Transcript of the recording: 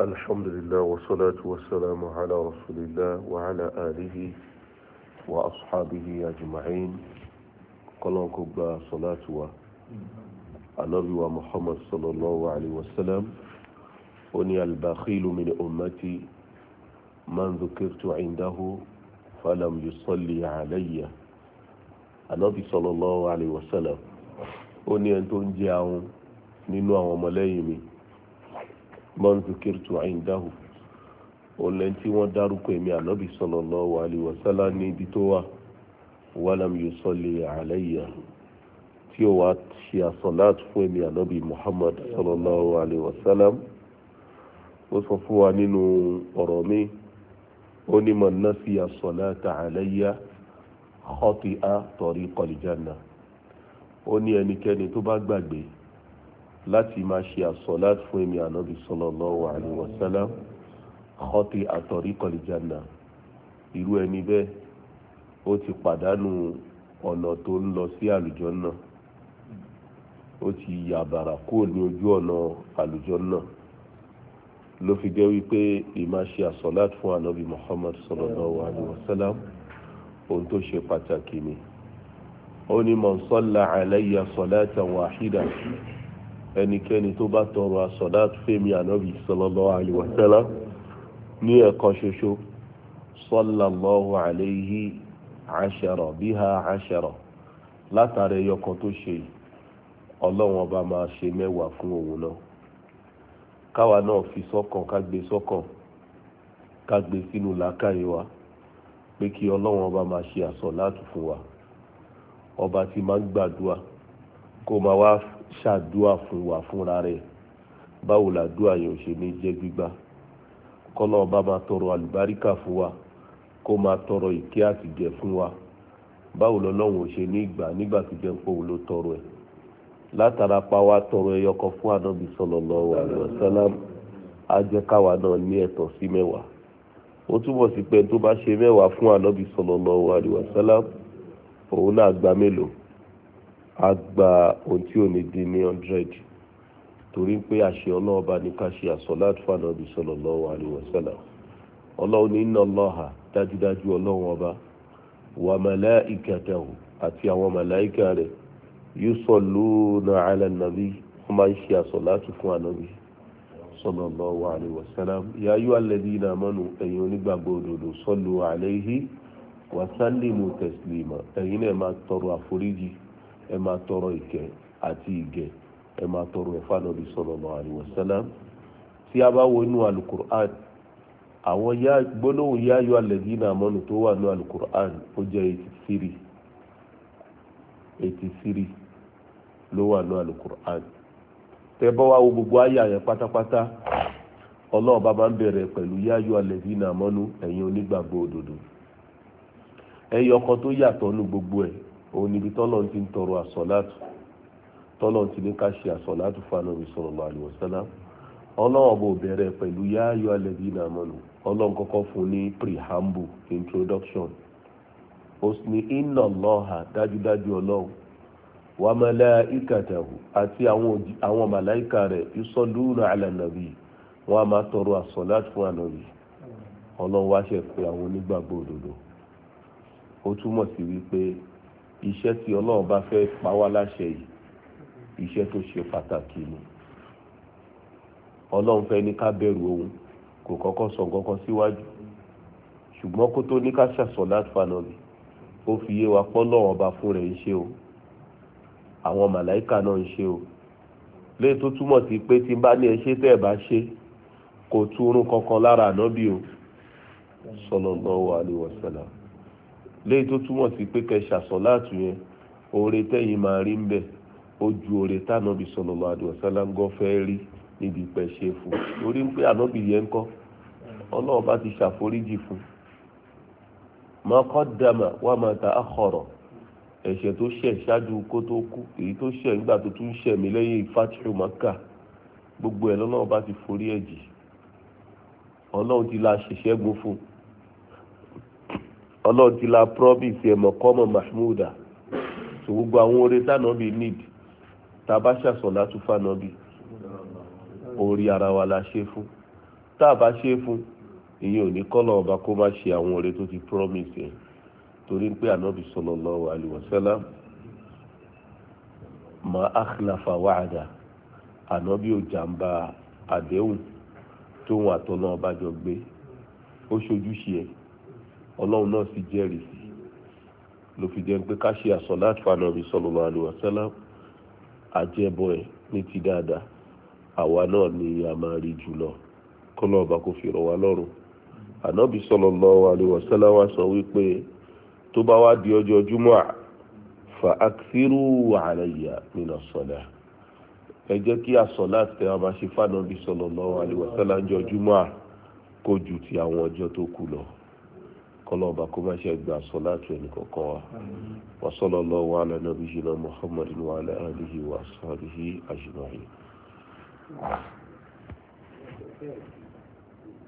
الحمد لله والصلاة والسلام على رسول الله وعلى آله وأصحابه أجمعين قلنا قبل صلاة النبي محمد صلى الله عليه وسلم أني البخيل من أمتي من ذكرت عنده فلم يصلي علي النبي صلى الله عليه وسلم أني أنتم جاءون nínú àwọn ọmọlẹ́yìn mi man zukirtu indahu olè tí wọ́n dárúkọ èmi ànábì sallallahu alaihi wasallam ní ibi tó wà walam yusalli alayya tí ó wà ṣe àsọ̀láàtù fún èmi ànábì muhammad sallallahu alaihi wasallam ó sọ fún wa nínú ọ̀rọ̀ mi ó ní man nasiya salata alayya khati'a tariqal janna ó ní ẹnikẹ́ni tó bá gbàgbé láti máa ṣe àsọ̀lát fún èmi ànábi sallallahu alaihi wasallam khati atariqal janna irú ẹni bẹ́ẹ̀ ó ti pàdánù ọ̀nà tó ń lọ sí àlùjànnà ó ti yàbàrà kúrò ní ojú ọ̀nà àlùjànnà ló fi jẹ́ wípé ìmáa ṣe àsọ̀lát fún ànábi Muhammad sallallahu alaihi wasallam ohun tó ṣe pàtàkì ni ó ní man salla alayya salatan wahida. ẹnikẹ́ni tó bá tọrọ asọ̀dáàtú fẹ́mi ànábì sallallahu alaihi ní ẹ̀kan ṣoṣo sallallahu alaihi biha ashara látara ẹyọkan tó ṣe yìí ọba máa ṣe mẹ́wàá fún òun náà káwa náà fi sọ́kàn wa pé kí ọba máa ṣe fún ọba máa ń kó máa wá ṣàdúà fún wa fúnra rẹ̀ báwo làdúà yẹn ò ṣe ní jẹ́ gbígbà kọ́nà ọba máa tọrọ àlùbáríkà fún wa kó máa tọrọ ìkẹ́ àtìjẹ fún wa báwo lọ́lọ́run ò ṣe ní ìgbà nígbà tó jẹ́ pé òun ló tọrọ ẹ̀ látara pa wá tọrọ ẹyọ kan fún anábì sallallahu alaihi wasallam á jẹ́ náà ní ẹ̀tọ́ sí mẹ́wàá ó túbọ̀ sí pé tó bá ṣe mẹ́wàá fún anábì sallallahu alaihi wasallam òun náà gba mélòó á gba ohun tí ò ní dín ní hundred torí pé àṣẹ ọlọ́run ní ká ṣe àsọ̀láàtì fànàbí sallallahu alaihi wasallam ọlọ́run ní inna dájúdájú ọlọ́run ọba wa àti àwọn ala nabi wọ́n máa ń ṣe àsọ̀láàtì fún ẹ̀yin onígbàgbọ́ ẹ máa tọrọ ìkẹ́ àti ìgẹ̀ ẹ máa tọrọ ẹ̀fà nàbí sallallahu alaihi wasallam tí a bá wo inú alukur'an àwọn yá gbólóhùn yá yọ alladhina amanu tó wà ní alukur'an ó jẹ́ eighty three eighty three ló wà ní alukur'an tẹ́ bá wá wo gbogbo àyà yẹn pátápátá ọlọ́run máa ń bẹ̀rẹ̀ pẹ̀lú yáyọ alẹ́bí náà mọ́nú ẹ̀yin onígbàgbọ́ òdodo ẹ̀yọ tó yàtọ̀ nu gbogbo ẹ̀ òun níbi tọ́lọ̀ ti ń tọrọ àsọ̀láàtù tọ́lọ̀ ti ní ká ṣe àsọ̀láàtù fanabi sallallahu alaihi wasallam ọlọ́wọ́ bò bẹ̀rẹ̀ pẹ̀lú yáyọ alẹ́bí náà mọ́nu ọlọ́run kọ́kọ́ fún ní introduction ó ní inna Allaha dájúdájú ọlọ́run wa malaikatahu àti àwọn màláìka rẹ̀ ala nabi wọn a máa tọrọ fún pé àwọn onígbàgbọ́ ó túmọ̀ sí wípé iṣẹ́ tí ọlọ́run bá fẹ́ pa wá láṣẹ yìí iṣẹ́ tó ṣe pàtàkì ni ọlọ́run fẹ́ ní ká bẹ̀rù òun kò kọ́kọ́ sọ kankan síwájú ṣùgbọ́n kó tó ní ká ṣàṣọ̀láàtì fanabi ó fi yé wa pọ́ lọ́wọ́ ọba fún rẹ̀ ń ṣe o àwọn màláìka náà ń ṣe o léyìí tó túmọ̀ sí pé tí n bá ní ẹ ṣe tẹ́ ẹ bá ṣe kò túrún kankan lára ànábì o sallallahu alaihi wasallam léyìí tó túmọ̀ sí pé kẹsà sọ̀láàtù yẹn oore tẹ́yìn máa rí ń bẹ̀ ó ju oore tánàbì sallallahu alaihi wasallam fẹ́ rí níbi pẹ̀ṣẹ̀ fún torí pé ànábì yẹn ń kọ́ ọlọ́run bá ti ṣàforíjì fún ma qaddama wa ma ta'akhkhara ẹ̀ṣẹ̀ tó ṣẹ̀ ṣáájú kó tó kú èyí tó ṣẹ̀ nígbà tó tún ṣẹ̀ mí lẹ́yìn fatihu maka gbogbo ẹ̀ lọ́lọ́run bá ti forí ẹ̀ jì ọlọ́run ti la ṣẹ̀ṣẹ́gun fún un ọlọ́run ti la promise ẹ̀ mọ̀kọ́mọ̀ mahmuda so gbogbo àwọn oore tánàbí need tá a bá ṣàṣàn látúfà nàbí orí ara wa la ṣe fún tá ṣe fún ìyẹn ò ní kọ́lọ̀ ọba kó má ṣe àwọn oore tó ti promise ẹ̀ torí pé ànábì sallallahu alaihi wasallam ma akhlafa wa'ada ànábì ò jàǹbá àdéhùn tóun àtọ́nà ọba jọ gbé ó ṣojúṣe ẹ̀ ọlọ́run náà sì jẹ́rìí sí ló fi jẹ́ pé ká ṣe àsọ̀lá àtúfànàbí sallallahu alaihi wasallam àjẹbọ ẹ̀ ní ti dáadáa àwa náà ni a máa rí jùlọ kọ́lọ́ ọba kò fi rọ̀ wá lọ́rùn ànábì sallallahu alaihi wasallam wá sọ wípé tó bá wá di ọjọ́ júmọ́ à fa akthiru alayya min as ẹ jẹ́ kí àsọ̀lá tẹ a máa ṣe fànàbí sallallahu alaihi wasallam jọjúmọ́ à kó ju ti àwọn ọjọ́ tó kù lọ kọlọ́ọ̀ bá kó má ṣe gbà sọ láti ẹnì kọ̀ọ̀kan wa wa sallallahu ala nabiyyina muhammadin wa ala alihi wa ashabihi ajma'in. Thank you.